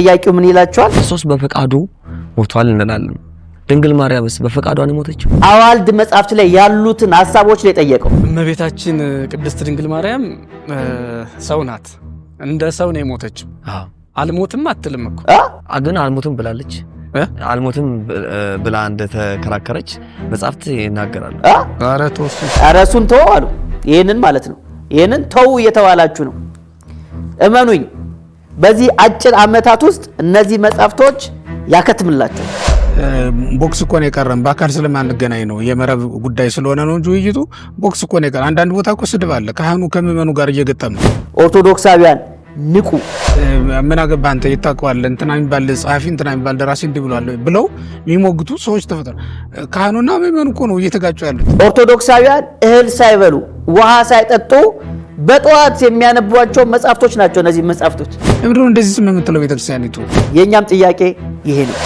ጠያቂው ምን ይላቸዋል? ክርስቶስ በፈቃዱ ሞቷል እንላለን። ድንግል ማርያምስ በፈቃዷ ነው ሞተችው? አዋልድ መጽሐፍት ላይ ያሉትን ሀሳቦች ላይ ጠየቀው። እመቤታችን ቅድስት ድንግል ማርያም ሰው ናት፣ እንደ ሰው ነው የሞተችው። አልሞትም አትልም እኮ ግን አልሞትም ብላለች። አልሞትም ብላ እንደተከራከረች መጽሐፍት ይናገራሉ። ኧረ እሱን አሉ። ይህንን ማለት ነው። ይህንን ተው እየተባላችሁ ነው፣ እመኑኝ በዚህ አጭር ዓመታት ውስጥ እነዚህ መጽሐፍቶች ያከትምላቸው። ቦክስ እኮ ነው የቀረን። በአካል ስለማንገናኝ ነው የመረብ ጉዳይ ስለሆነ ነው እንጂ ውይይቱ ቦክስ እኮ ነው የቀረን። አንዳንድ ቦታ እኮ ስድብ አለ። ካህኑ ከምዕመኑ ጋር እየገጠም ነው። ኦርቶዶክሳውያን ንቁ። ምን አገባ አንተ ይታቀዋል እንትና የሚባል ጸሐፊ እንትና የሚባል ደራሲ እንዲህ ብሏል ብለው የሚሞግቱ ሰዎች ተፈጠሩ። ካህኑና ምዕመኑ እኮ ነው እየተጋጩ ያሉት። ኦርቶዶክሳውያን እህል ሳይበሉ ውሃ ሳይጠጡ በጠዋት የሚያነቧቸው መጽሐፍቶች ናቸው። እነዚህ መጽሐፍቶች እምድሩ እንደዚህ ስም የምትለው ቤተክርስቲያኒቱ የእኛም ጥያቄ ይሄ ነው።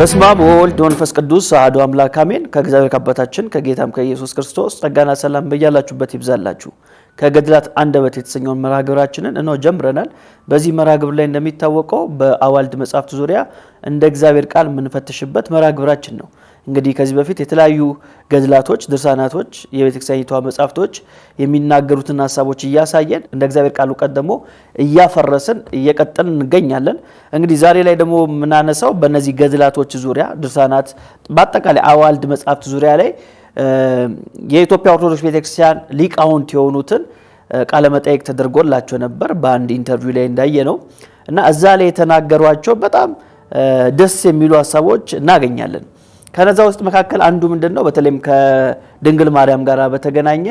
በስመ አብ ወወልድ ወመንፈስ ቅዱስ አሐዱ አምላክ አሜን። ከእግዚአብሔር ከአባታችን ከጌታም ከኢየሱስ ክርስቶስ ጸጋና ሰላም በያላችሁበት ይብዛላችሁ። ከገድላት አንደበት የተሰኘውን መርሃ ግብራችንን እነሆ ጀምረናል። በዚህ መርሃ ግብር ላይ እንደሚታወቀው በአዋልድ መጽሐፍት ዙሪያ እንደ እግዚአብሔር ቃል የምንፈትሽበት መርሃ ግብራችን ነው። እንግዲህ ከዚህ በፊት የተለያዩ ገድላቶች፣ ድርሳናቶች፣ የቤተ ክርስቲያኒቷ መጻሕፍቶች የሚናገሩትን ሀሳቦች እያሳየን እንደ እግዚአብሔር ቃል እውቀት ደግሞ እያፈረስን እየቀጠልን እንገኛለን። እንግዲህ ዛሬ ላይ ደግሞ የምናነሳው በእነዚህ ገድላቶች ዙሪያ ድርሳናት፣ በአጠቃላይ አዋልድ መጻሕፍት ዙሪያ ላይ የኢትዮጵያ ኦርቶዶክስ ቤተክርስቲያን ሊቃውንት የሆኑትን ቃለ ተደርጎላቸው ነበር በአንድ ኢንተርቪው ላይ እንዳየ ነው እና እዛ ላይ የተናገሯቸው በጣም ደስ የሚሉ ሀሳቦች እናገኛለን። ከነዛ ውስጥ መካከል አንዱ ምንድን ነው? በተለይም ከድንግል ማርያም ጋር በተገናኘ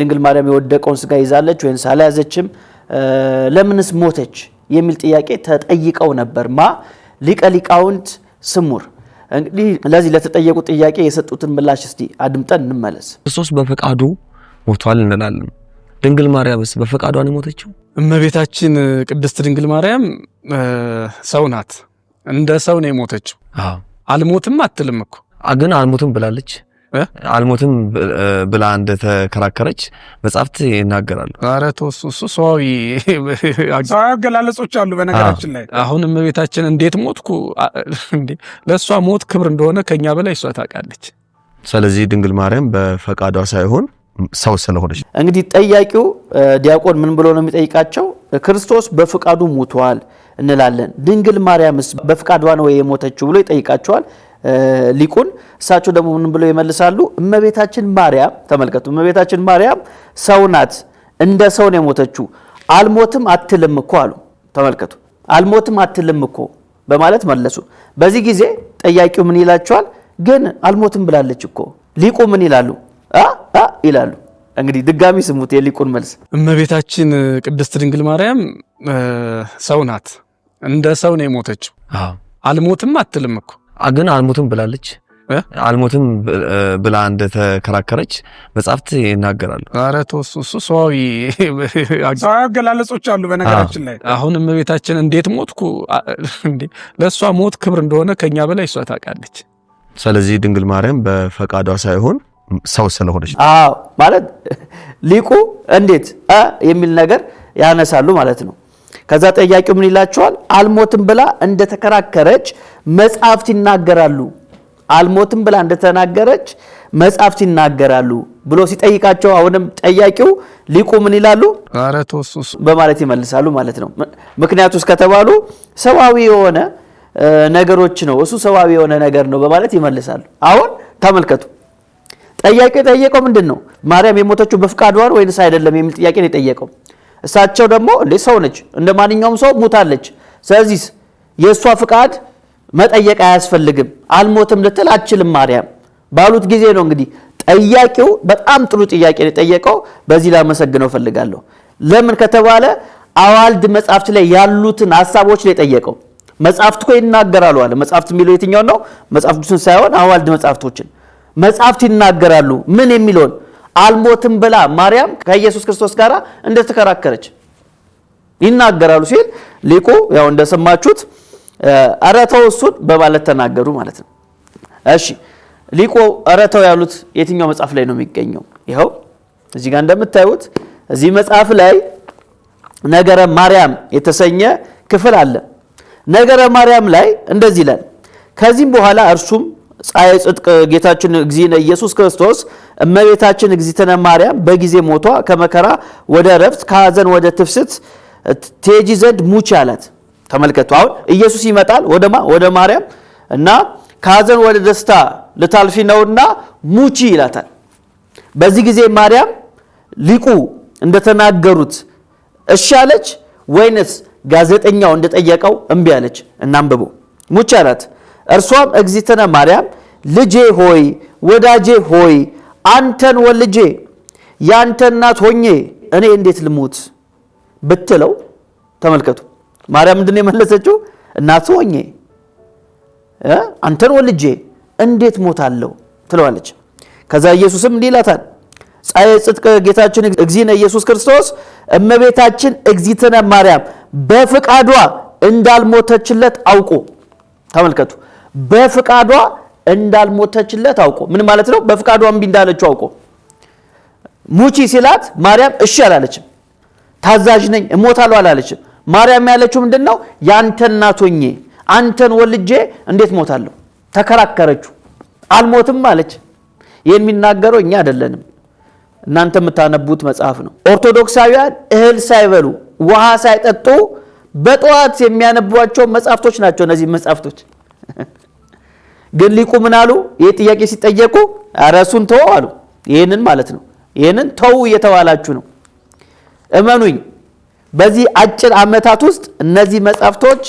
ድንግል ማርያም የወደቀውን ስጋ ይዛለች ወይንስ አልያዘችም? ለምንስ ሞተች? የሚል ጥያቄ ተጠይቀው ነበር። ማ ሊቀ ሊቃውንት ስሙር እንግዲህ ለዚህ ለተጠየቁ ጥያቄ የሰጡትን ምላሽ እስቲ አድምጠን እንመለስ። ክርስቶስ በፈቃዱ ሞቷል እንላለን። ድንግል ማርያምስ በፈቃዷን የሞተችው እመቤታችን ቅድስት ድንግል ማርያም ሰው ናት። እንደ ሰው ነው የሞተችው። አልሞትም አትልም እኮ ግን አልሞትም ብላለች አልሞትም ብላ እንደተከራከረች መጽሐፍት ይናገራሉ። ኧረ ተው እሱ ሰዋዊ አገላለጾች አሉ። በነገራችን ላይ አሁን እመቤታችን እንዴት ሞትኩ፣ ለእሷ ሞት ክብር እንደሆነ ከኛ በላይ እሷ ታውቃለች። ስለዚህ ድንግል ማርያም በፈቃዷ ሳይሆን ሰው ስለሆነች እንግዲህ ጠያቂው ዲያቆን ምን ብሎ ነው የሚጠይቃቸው? ክርስቶስ በፈቃዱ ሞቷል እንላለን። ድንግል ማርያምስ በፍቃዷ ነው የሞተችው ብሎ ይጠይቃቸዋል ሊቁን። እሳቸው ደግሞ ምን ብለው ይመልሳሉ? እመቤታችን ማርያም ተመልከቱ፣ እመቤታችን ማርያም ሰው ናት፣ እንደ ሰው ነው የሞተችው። አልሞትም አትልም እኮ አሉ። ተመልከቱ፣ አልሞትም አትልም እኮ በማለት መለሱ። በዚህ ጊዜ ጠያቂው ምን ይላቸዋል? ግን አልሞትም ብላለች እኮ። ሊቁ ምን ይላሉ? ይላሉ እንግዲህ ድጋሚ ስሙት የሊቁን መልስ። እመቤታችን ቅድስት ድንግል ማርያም ሰው ናት እንደ ሰው ነው የሞተችው። አልሞትም አትልም እኮ ግን አልሞትም ብላለች። አልሞትም ብላ እንደተከራከረች መጽሐፍት ይናገራሉ። ኧረ ተው እሱ ሰዋዊ አገላለጾች አሉ። በነገራችን ላይ አሁን እመቤታችን እንዴት ሞትኩ፣ ለእሷ ሞት ክብር እንደሆነ ከኛ በላይ እሷ ታውቃለች። ስለዚህ ድንግል ማርያም በፈቃዷ ሳይሆን ሰው ስለሆነች ማለት ሊቁ እንዴት የሚል ነገር ያነሳሉ ማለት ነው። ከዛ ጠያቂው ምን ይላቸዋል? አልሞትም ብላ እንደተከራከረች መጽሐፍት ይናገራሉ። አልሞትም ብላ እንደተናገረች መጽሐፍት ይናገራሉ ብሎ ሲጠይቃቸው አሁንም ጠያቂው ሊቁ ምን ይላሉ በማለት ይመልሳሉ ማለት ነው። ምክንያቱስ ከተባሉ ሰዋዊ የሆነ ነገሮች ነው እሱ ሰዋዊ የሆነ ነገር ነው በማለት ይመልሳሉ። አሁን ተመልከቱ። ጠያቂው የጠየቀው ምንድን ነው? ማርያም የሞተችው በፍቃዷ ነው ወይንስ አይደለም የሚል ጥያቄ ነው የጠየቀው። እሳቸው ደግሞ እንዴ ሰው ነች፣ እንደ ማንኛውም ሰው ሙታለች። ስለዚህ የእሷ ፍቃድ መጠየቅ አያስፈልግም። አልሞትም ልትል አችልም ማርያም ባሉት ጊዜ ነው እንግዲህ ጠያቂው በጣም ጥሩ ጥያቄ የጠየቀው። በዚህ ላመሰግነው ፈልጋለሁ። ለምን ከተባለ አዋልድ መጽሐፍት ላይ ያሉትን ሀሳቦች ላይ ጠየቀው። መጽሐፍት እኮ ይናገራሉ አለ። መጽሐፍት የሚለው የትኛውን ነው? መጽሐፍ ቅዱስን ሳይሆን አዋልድ መጽሐፍቶችን መጽሐፍት ይናገራሉ ምን የሚለውን አልሞትም ብላ ማርያም ከኢየሱስ ክርስቶስ ጋር እንደተከራከረች ይናገራሉ ሲል ሊቁ ያው እንደሰማችሁት እረተው እሱን በማለት ተናገሩ ማለት ነው። እሺ ሊቁ እረተው ያሉት የትኛው መጽሐፍ ላይ ነው የሚገኘው? ይኸው እዚህ ጋር እንደምታዩት እዚህ መጽሐፍ ላይ ነገረ ማርያም የተሰኘ ክፍል አለ። ነገረ ማርያም ላይ እንደዚህ ይላል። ከዚህም በኋላ እርሱም ፀሐይ ጽድቅ ጌታችን እግዚእነ ኢየሱስ ክርስቶስ እመቤታችን እግዚእትነ ማርያም በጊዜ ሞቷ ከመከራ ወደ ረፍት ከሐዘን ወደ ትፍስት ቴጂ ዘንድ ሙች አላት። ተመልከቱ። አሁን ኢየሱስ ይመጣል ወደማ ወደ ማርያም እና ከሐዘን ወደ ደስታ ልታልፊ ነውና ሙቺ ይላታል። በዚህ ጊዜ ማርያም ሊቁ እንደተናገሩት እሺ አለች ወይንስ ጋዜጠኛው እንደጠየቀው እምቢ አለች? እናንብቦ ሙቺ አላት። እርሷም እግዚተነ ማርያም ልጄ ሆይ ወዳጄ ሆይ አንተን ወልጄ ያንተ እናት ሆኜ እኔ እንዴት ልሙት ብትለው፣ ተመልከቱ ማርያም ምንድን የመለሰችው? እናት ሆኜ አንተን ወልጄ እንዴት ሞታለሁ ትለዋለች። ከዛ ኢየሱስም እንዲህ ይላታል፣ ጻየ ጽድቅ ጌታችን እግዚእነ ኢየሱስ ክርስቶስ እመቤታችን እግዚተነ ማርያም በፍቃዷ እንዳልሞተችለት አውቁ። ተመልከቱ በፍቃዷ እንዳልሞተችለት አውቆ ምን ማለት ነው? በፍቃዷ እምቢ እንዳለችው አውቆ ሙቺ ሲላት ማርያም እሺ አላለችም። ታዛዥ ነኝ እሞታለሁ አላለችም። ማርያም ያለችው ምንድን ነው? ያንተ እናት ሆኜ አንተን ወልጄ እንዴት ሞታለሁ? ተከራከረችው። አልሞትም አለች። ይህን የሚናገረው እኛ አይደለንም፣ እናንተ የምታነቡት መጽሐፍ ነው። ኦርቶዶክሳውያን እህል ሳይበሉ ውሃ ሳይጠጡ በጠዋት የሚያነቧቸው መጽሐፍቶች ናቸው እነዚህ መጽሐፍቶች። ግን ሊቁ ምን አሉ? ይህ ጥያቄ ሲጠየቁ ረሱን ተው አሉ። ይህንን ማለት ነው። ይህንን ተው እየተባላችሁ ነው። እመኑኝ በዚህ አጭር ዓመታት ውስጥ እነዚህ መጻሕፍቶች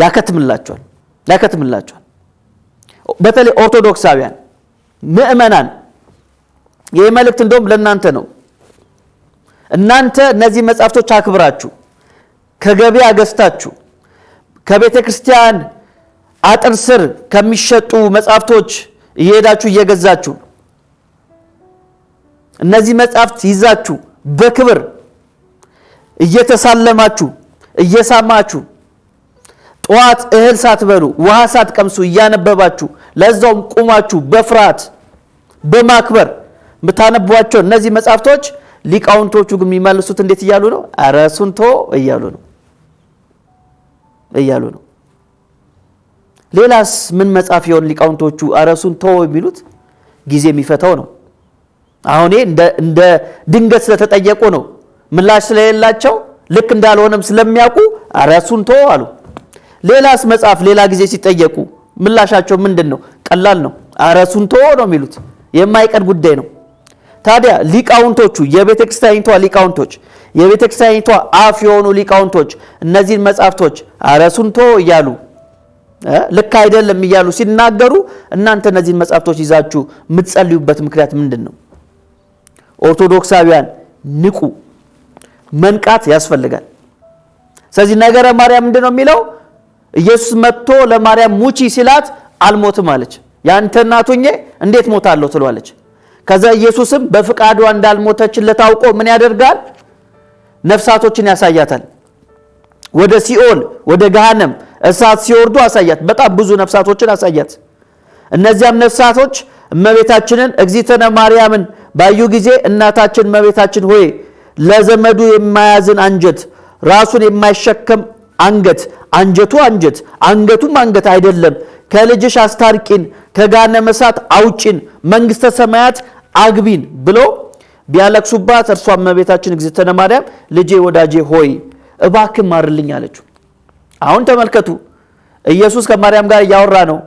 ያከትምላቸዋል ያከትምላቸዋል። በተለይ ኦርቶዶክሳውያን ምእመናን፣ ይህ መልእክት እንደውም ለእናንተ ነው። እናንተ እነዚህ መጻሕፍቶች አክብራችሁ ከገበያ ገዝታችሁ ከቤተ ክርስቲያን አጥር ስር ከሚሸጡ መጽሐፍቶች እየሄዳችሁ እየገዛችሁ እነዚህ መጽሐፍት ይዛችሁ በክብር እየተሳለማችሁ እየሳማችሁ ጠዋት እህል ሳትበሉ ውሃ ሳትቀምሱ እያነበባችሁ ለዛውም ቁማችሁ በፍርሃት በማክበር የምታነቧቸው እነዚህ መጽሐፍቶች ሊቃውንቶቹ ግን የሚመልሱት እንዴት እያሉ ነው? ረሱንቶ እያሉ ነው እያሉ ነው። ሌላስ ምን መጽሐፍ የሆን ሊቃውንቶቹ አረሱን ተወው የሚሉት ጊዜ የሚፈታው ነው። አሁን እንደ ድንገት ስለተጠየቁ ነው። ምላሽ ስለሌላቸው ልክ እንዳልሆነም ስለሚያውቁ አረሱን ተወው አሉ። ሌላስ መጽሐፍ ሌላ ጊዜ ሲጠየቁ ምላሻቸው ምንድን ነው? ቀላል ነው። አረሱን ተወው ነው የሚሉት። የማይቀር ጉዳይ ነው። ታዲያ ሊቃውንቶቹ የቤተ ክርስቲያኒቷ ሊቃውንቶች የቤተ ክርስቲያኒቷ አፍ የሆኑ ሊቃውንቶች እነዚህን መጽሐፍቶች አረሱን ተወው እያሉ ልክ አይደለም እያሉ ሲናገሩ እናንተ እነዚህን መጽሐፍቶች ይዛችሁ የምትጸልዩበት ምክንያት ምንድን ነው? ኦርቶዶክሳውያን ንቁ፣ መንቃት ያስፈልጋል። ስለዚህ ነገረ ማርያም ምንድን ነው የሚለው? ኢየሱስ መጥቶ ለማርያም ሙቺ ሲላት አልሞትም አለች። ያንተ እናቱ እንዴት ሞታለሁ ትሏለች። ከዛ ኢየሱስም በፍቃዷ እንዳልሞተችለት አውቆ ምን ያደርጋል? ነፍሳቶችን ያሳያታል። ወደ ሲኦል ወደ ገሃነም እሳት ሲወርዱ አሳያት። በጣም ብዙ ነፍሳቶችን አሳያት። እነዚያም ነፍሳቶች እመቤታችንን እግዚተነ ማርያምን ባዩ ጊዜ እናታችን እመቤታችን ሆይ ለዘመዱ የማያዝን አንጀት ራሱን የማይሸከም አንገት አንጀቱ አንጀት አንገቱም አንገት አይደለም፣ ከልጅሽ አስታርቂን፣ ከገሃነመ እሳት አውጪን፣ መንግሥተ ሰማያት አግቢን ብሎ ቢያለቅሱባት እርሷ እመቤታችን እግዚተነ ማርያም ልጄ ወዳጄ ሆይ እባክ ማርልኝ አለችው። አሁን ተመልከቱ ኢየሱስ ከማርያም ጋር እያወራ ነው።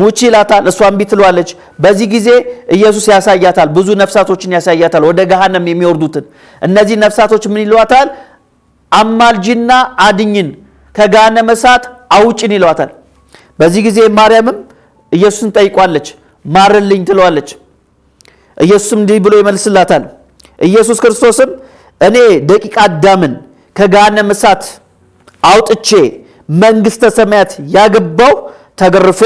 ሙቺ ይላታል፣ እሷን ቢትሏለች። ትሏለች። በዚህ ጊዜ ኢየሱስ ያሳያታል፣ ብዙ ነፍሳቶችን ያሳያታል፣ ወደ ገሃነም የሚወርዱትን። እነዚህ ነፍሳቶች ምን ይሏታል? አማልጅና አድኝን ከገሃነመ እሳት አውጭን ይሏታል። በዚህ ጊዜ ማርያምም ኢየሱስን ጠይቋለች፣ ማርልኝ ትለዋለች። ኢየሱስም እንዲህ ብሎ ይመልስላታል። ኢየሱስ ክርስቶስም እኔ ደቂቀ አዳምን ከገሃነም እሳት አውጥቼ መንግስተ ሰማያት ያገባው ተገርፌ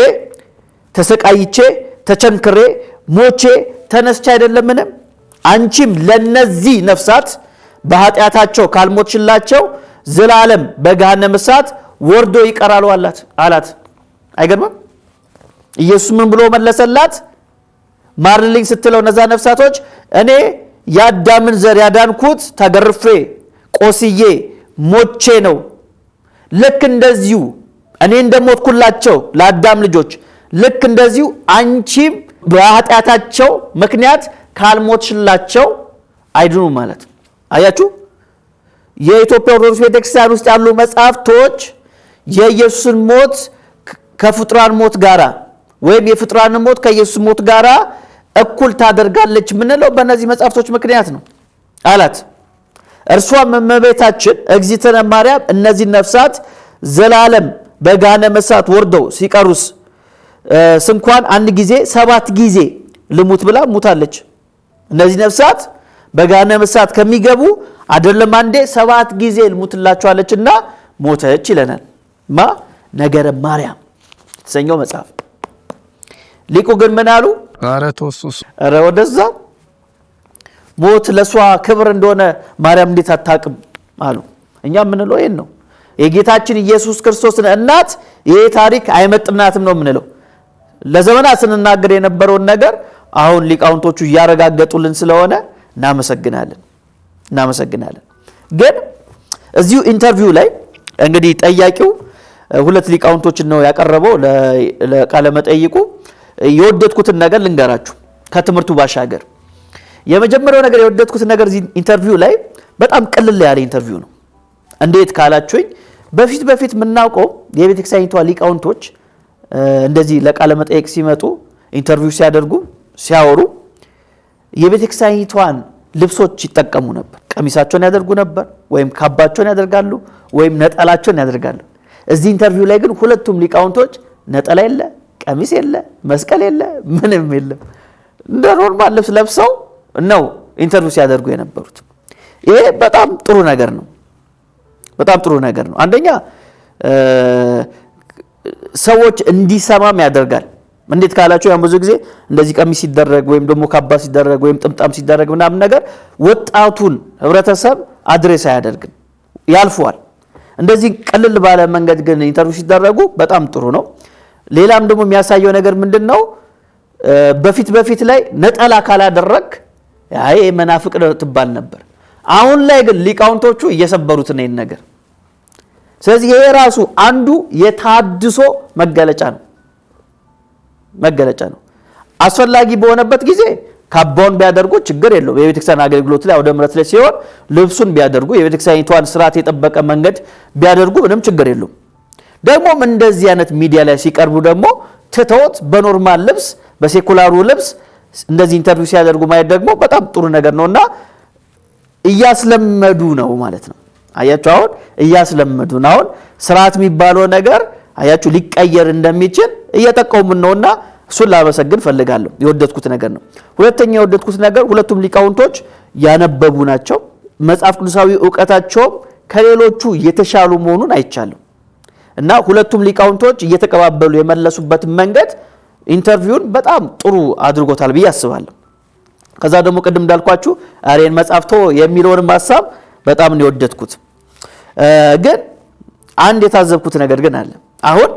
ተሰቃይቼ ተቸንክሬ ሞቼ ተነስቼ አይደለምን? አንቺም ለነዚህ ነፍሳት በኃጢአታቸው ካልሞችላቸው ዘላለም በገሃነም እሳት ወርዶ ይቀራሉ አላት አላት። አይገርምም? ኢየሱስ ምን ብሎ መለሰላት? ማርልኝ ስትለው እነዛ ነፍሳቶች እኔ የአዳምን ዘር ያዳንኩት ተገርፌ ቆስዬ ሞቼ ነው። ልክ እንደዚሁ እኔ እንደሞትኩላቸው ለአዳም ልጆች ልክ እንደዚሁ አንቺም በኃጢአታቸው ምክንያት ካልሞትሽላቸው አይድኑ ማለት አያችሁ፣ የኢትዮጵያ ኦርቶዶክስ ቤተክርስቲያን ውስጥ ያሉ መጽሐፍቶች የኢየሱስን ሞት ከፍጡራን ሞት ጋራ ወይም የፍጡራንን ሞት ከኢየሱስ ሞት ጋራ እኩል ታደርጋለች የምንለው በእነዚህ መጽሐፍቶች ምክንያት ነው አላት። እርሷም እመቤታችን እግዚተነ ማርያም እነዚህ ነፍሳት ዘላለም በጋነ መሳት ወርደው ሲቀሩስ ስንኳን አንድ ጊዜ ሰባት ጊዜ ልሙት ብላ ሙታለች። እነዚህ ነፍሳት በጋነ መሳት ከሚገቡ አይደለም አንዴ ሰባት ጊዜ ልሙትላቸዋለችና ሞተች ይለናል። ማ ነገረ ማርያም የተሰኘው መጽሐፍ ሊቁ ግን ምን አሉ? ኧረ ወደዛ ሞት ለእሷ ክብር እንደሆነ ማርያም እንዴት አታቅም አሉ። እኛ የምንለው ይህን ነው። የጌታችን ኢየሱስ ክርስቶስን እናት ይሄ ታሪክ አይመጥናትም ነው የምንለው። ለዘመናት ስንናገር የነበረውን ነገር አሁን ሊቃውንቶቹ እያረጋገጡልን ስለሆነ እናመሰግናለን እናመሰግናለን። ግን እዚሁ ኢንተርቪው ላይ እንግዲህ ጠያቂው ሁለት ሊቃውንቶችን ነው ያቀረበው ለቃለ መጠይቁ። የወደድኩትን ነገር ልንገራችሁ ከትምህርቱ ባሻገር የመጀመሪያው ነገር የወደድኩት ነገር እዚህ ኢንተርቪው ላይ በጣም ቅልል ያለ ኢንተርቪው ነው። እንዴት ካላችሁኝ በፊት በፊት የምናውቀው የቤተ ሊቃውንቶች እንደዚህ ለቃለ መጠየቅ ሲመጡ ኢንተርቪው ሲያደርጉ ሲያወሩ የቤተ ክርስቲያኒቷን ልብሶች ይጠቀሙ ነበር። ቀሚሳቸውን ያደርጉ ነበር፣ ወይም ካባቸውን ያደርጋሉ፣ ወይም ነጠላቸውን ያደርጋሉ። እዚህ ኢንተርቪው ላይ ግን ሁለቱም ሊቃውንቶች ነጠላ የለ፣ ቀሚስ የለ፣ መስቀል የለ፣ ምንም የለም። እንደ ኖርማል ልብስ ለብሰው ነው ኢንተርቪው ሲያደርጉ የነበሩት። ይሄ በጣም ጥሩ ነገር ነው። በጣም ጥሩ ነገር ነው። አንደኛ ሰዎች እንዲሰማም ያደርጋል። እንዴት ካላችሁ ያን ብዙ ጊዜ እንደዚህ ቀሚስ ሲደረግ ወይም ደግሞ ካባ ሲደረግ ወይም ጥምጣም ሲደረግ ምናምን ነገር ወጣቱን ህብረተሰብ አድሬስ አያደርግም፣ ያልፈዋል። እንደዚህ ቀልል ባለ መንገድ ግን ኢንተርቪው ሲደረጉ በጣም ጥሩ ነው። ሌላም ደግሞ የሚያሳየው ነገር ምንድን ነው? በፊት በፊት ላይ ነጠላ ካላደረግ አይ መናፍቅ ትባል ነበር። አሁን ላይ ግን ሊቃውንቶቹ እየሰበሩት ነው ነገር። ስለዚህ ይሄ ራሱ አንዱ የታድሶ መገለጫ ነው መገለጫ ነው። አስፈላጊ በሆነበት ጊዜ ካባውን ቢያደርጉ ችግር የለውም። የቤተክርስቲያን አገልግሎት ላይ አውደ ምረት ላይ ሲሆን ልብሱን ቢያደርጉ የቤተክርስቲያኒቷን ስርዓት የጠበቀ መንገድ ቢያደርጉ ምንም ችግር የለውም። ደግሞም እንደዚህ አይነት ሚዲያ ላይ ሲቀርቡ ደግሞ ትተውት በኖርማል ልብስ በሴኩላሩ ልብስ እንደዚህ ኢንተርቪው ሲያደርጉ ማየት ደግሞ በጣም ጥሩ ነገር ነው እና እያስለመዱ ነው ማለት ነው። አያችሁ አሁን እያስለመዱ ነው። አሁን ስርዓት የሚባለው ነገር አያችሁ ሊቀየር እንደሚችል እየጠቀሙን ነውና እሱን ላመሰግን ፈልጋለሁ። የወደድኩት ነገር ነው። ሁለተኛ የወደድኩት ነገር ሁለቱም ሊቃውንቶች ያነበቡ ናቸው። መጽሐፍ ቅዱሳዊ እውቀታቸውም ከሌሎቹ የተሻሉ መሆኑን አይቻለሁ እና ሁለቱም ሊቃውንቶች እየተቀባበሉ የመለሱበት መንገድ ኢንተርቪውን በጣም ጥሩ አድርጎታል ብዬ አስባለሁ። ከዛ ደግሞ ቅድም እንዳልኳችሁ አሬን መጻፍቶ የሚለውንም ሀሳብ በጣም ነው የወደድኩት። ግን አንድ የታዘብኩት ነገር ግን አለ። አሁን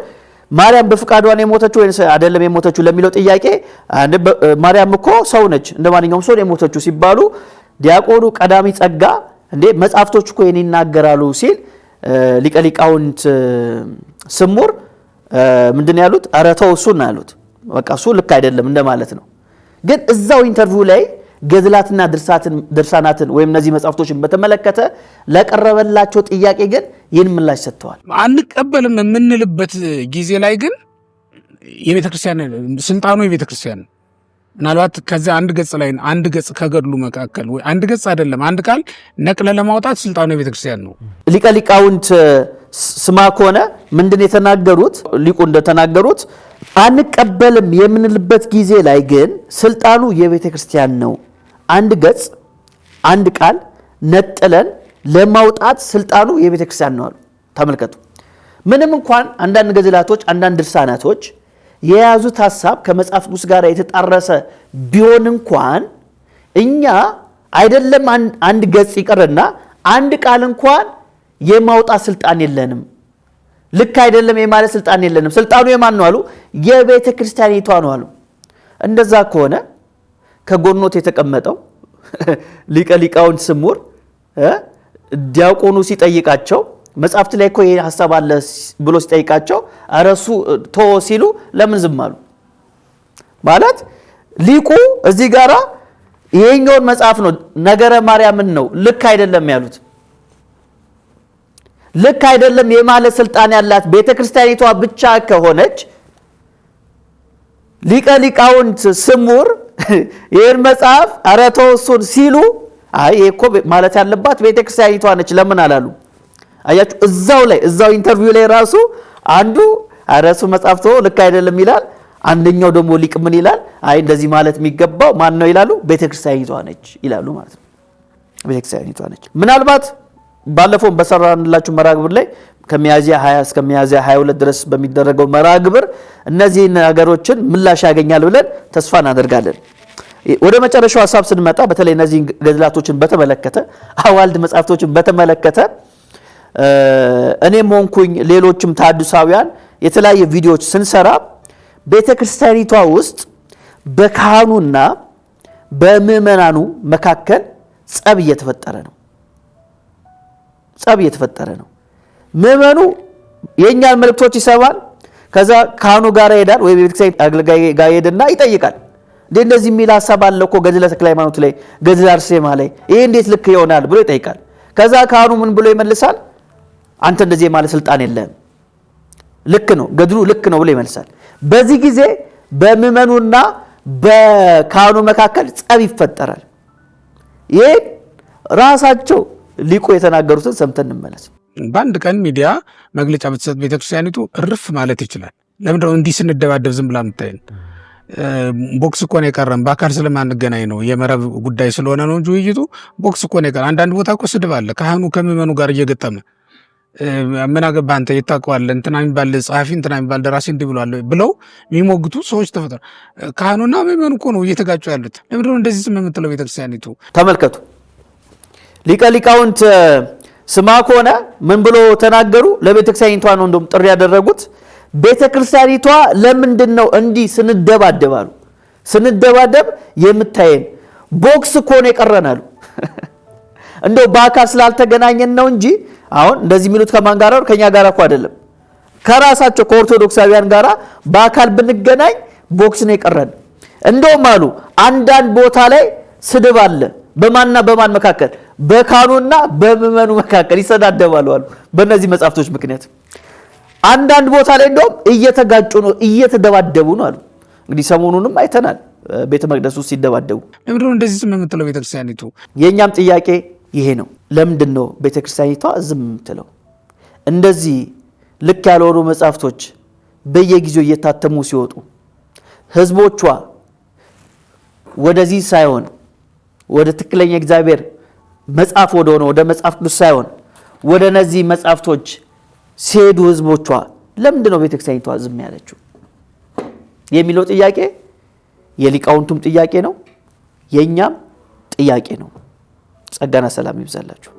ማርያም በፍቃዷን የሞተችው ወይስ አይደለም የሞተችው ለሚለው ጥያቄ ማርያም እኮ ሰው ነች እንደ ማንኛውም ሰው የሞተችው ሲባሉ ዲያቆኑ ቀዳሚ ጸጋ እንዴ መጽሐፍቶች እኮ ይህን ይናገራሉ ሲል ሊቀ ሊቃውንት ስሙር ምንድን ያሉት? ኧረ ተው እሱን አሉት በቃ እሱ ልክ አይደለም እንደማለት ነው። ግን እዛው ኢንተርቪው ላይ ገድላትና ድርሳናትን ወይም እነዚህ መጽሐፍቶችን በተመለከተ ለቀረበላቸው ጥያቄ ግን ይህን ምላሽ ሰጥተዋል። አንቀበልም የምንልበት ጊዜ ላይ ግን የቤተክርስቲያን ስልጣኑ የቤተክርስቲያን ምናልባት ከዚያ አንድ ገጽ ላይ አንድ ገጽ ከገድሉ መካከል ወይ አንድ ገጽ አይደለም አንድ ቃል ነቅለ ለማውጣት ስልጣኑ የቤተክርስቲያን ነው። ሊቀ ሊቃውንት ስማ ከሆነ ምንድን የተናገሩት ሊቁ እንደተናገሩት አንቀበልም የምንልበት ጊዜ ላይ ግን ስልጣኑ የቤተ ክርስቲያን ነው። አንድ ገጽ፣ አንድ ቃል ነጥለን ለማውጣት ስልጣኑ የቤተ ክርስቲያን ነው አሉ። ተመልከቱ። ምንም እንኳን አንዳንድ ገድላቶች፣ አንዳንድ ድርሳናቶች የያዙት ሀሳብ ከመጽሐፍ ቅዱስ ጋር የተጣረሰ ቢሆን እንኳን እኛ አይደለም አንድ ገጽ ይቅርና አንድ ቃል እንኳን የማውጣት ስልጣን የለንም። ልክ አይደለም የማለት ስልጣን የለንም። ስልጣኑ የማን ነው አሉ? የቤተ ክርስቲያኒቷ ነው አሉ። እንደዛ ከሆነ ከጎኖት የተቀመጠው ሊቀ ሊቃውንት ስሙር ዲያቆኑ ሲጠይቃቸው መጽሐፍት ላይ እኮ ይሄ ሀሳብ አለ ብሎ ሲጠይቃቸው እረሱ ቶ ሲሉ ለምን ዝም አሉ? ማለት ሊቁ እዚህ ጋራ ይሄኛውን መጽሐፍ ነው ነገረ ማርያምን ነው ልክ አይደለም ያሉት ልክ አይደለም የማለት ስልጣን ያላት ቤተ ክርስቲያኒቷ ብቻ ከሆነች ሊቀ ሊቃውንት ስሙር ይህን መጽሐፍ ኧረ እሱን ሲሉ አይ ይሄ እኮ ማለት ያለባት ቤተ ክርስቲያኒቷ ነች ለምን አላሉ? አያችሁ፣ እዛው ላይ እዛው ኢንተርቪው ላይ ራሱ አንዱ ኧረ መጽሐፍ ተው ልክ አይደለም ይላል። አንደኛው ደግሞ ሊቅ ምን ይላል? አይ እንደዚህ ማለት የሚገባው ማን ነው ይላሉ። ቤተ ክርስቲያኒቷ ነች ይላሉ ማለት ነው። ቤተ ክርስቲያኒቷ ነች ምናልባት ባለፈው በሰራንላችሁ መራግብር ላይ ከሚያዚያ 20 እስከ ሚያዚያ 22 ድረስ በሚደረገው መራግብር እነዚህን ነገሮችን ምላሽ ያገኛል ብለን ተስፋ እናደርጋለን። ወደ መጨረሻው ሀሳብ ስንመጣ በተለይ እነዚህ ገድላቶችን በተመለከተ አዋልድ መጽሐፍቶችን በተመለከተ እኔም ሆንኩኝ ሌሎችም ታዱሳውያን የተለያየ ቪዲዮዎች ስንሰራ ቤተ ክርስቲያኒቷ ውስጥ በካህኑና በምዕመናኑ መካከል ጸብ እየተፈጠረ ነው። ጸብ እየተፈጠረ ነው። ምዕመኑ የእኛን መልእክቶች ይሰማል። ከዛ ካህኑ ጋር ይሄዳል፣ ወይ ቤተክርስቲያን አገልጋይ ጋር ይሄድና ይጠይቃል። እንዴ እንደዚህ የሚል ሀሳብ አለ እኮ ገድለ ተክለ ሃይማኖት ላይ ገድለ አርሴማ ላይ ይሄ እንዴት ልክ ይሆናል ብሎ ይጠይቃል። ከዛ ካህኑ ምን ብሎ ይመልሳል? አንተ እንደዚህ የማለት ስልጣን የለህም፣ ልክ ነው ገድሉ ልክ ነው ብሎ ይመልሳል። በዚህ ጊዜ በምዕመኑና በካህኑ መካከል ጸብ ይፈጠራል። ይሄ ራሳቸው ሊቁ የተናገሩትን ሰምተን እንመለስ። በአንድ ቀን ሚዲያ መግለጫ ብትሰጥ ቤተክርስቲያኒቱ እርፍ ማለት ይችላል። ለምንድነው እንዲህ ስንደባደብ ዝም ብላ ምታይን? ቦክስ እኮ ነው የቀረን። በአካል ስለማንገናኝ ነው የመረብ ጉዳይ ስለሆነ ነው እንጂ ውይይቱ ቦክስ እኮ ነው የቀረ። አንዳንድ ቦታ እኮ ስድብ አለ። ካህኑ ከምዕመኑ ጋር እየገጠመ ምን አገባህ አንተ ይታቀዋል እንትና የሚባል ጸሐፊ እንትና የሚባል ደራሲ እንዲህ ብሏል ብለው የሚሞግቱ ሰዎች ተፈጠሩ። ካህኑና ምዕመኑ እኮ ነው እየተጋጩ ያሉት። ለምንድነው እንደዚህ ስም የምትለው ቤተክርስቲያኒቱ? ተመልከቱ ሊቀ ሊቃውንት ከሆነ ምን ብሎ ተናገሩ? ለቤተክርስቲያኒቷ ነው እንደውም ጥሪ ያደረጉት። ቤተክርስቲያኒቷ ለምንድን ነው እንዲህ ስንደባደብ አሉ። ስንደባደብ የምታየን ቦክስ እኮ ነው የቀረን አሉ። እንደው በአካል ስላልተገናኘን ነው እንጂ አሁን እንደዚህ የሚሉት ከማን ጋር ከእኛ ጋር እኮ አይደለም፣ ከራሳቸው ከኦርቶዶክሳውያን ጋር በአካል ብንገናኝ ቦክስ ነው የቀረን። እንደውም አሉ አንዳንድ ቦታ ላይ ስድብ አለ በማንና በማን መካከል? በካኑና በምዕመኑ መካከል ይሰዳደባሉ አሉ። በእነዚህ መጽሐፍቶች ምክንያት አንዳንድ ቦታ ላይ እንደውም እየተጋጩ ነው፣ እየተደባደቡ ነው አሉ። እንግዲህ ሰሞኑንም አይተናል ቤተ መቅደስ ውስጥ ሲደባደቡ። ለምንድነው እንደዚህ ዝም የምትለው ቤተክርስቲያኒቱ? የእኛም ጥያቄ ይሄ ነው። ለምንድን ነው ቤተክርስቲያኒቷ ዝም የምትለው? እንደዚህ ልክ ያልሆኑ መጽሐፍቶች በየጊዜው እየታተሙ ሲወጡ ህዝቦቿ ወደዚህ ሳይሆን ወደ ትክክለኛ እግዚአብሔር መጽሐፍ ወደ ሆነ ወደ መጽሐፍ ቅዱስ ሳይሆን ወደ እነዚህ መጽሐፍቶች ሲሄዱ ህዝቦቿ ለምንድን ነው ቤተክርስቲያኒቷ ዝም ያለችው የሚለው ጥያቄ የሊቃውንቱም ጥያቄ ነው፣ የእኛም ጥያቄ ነው። ጸጋና ሰላም ይብዛላችሁ።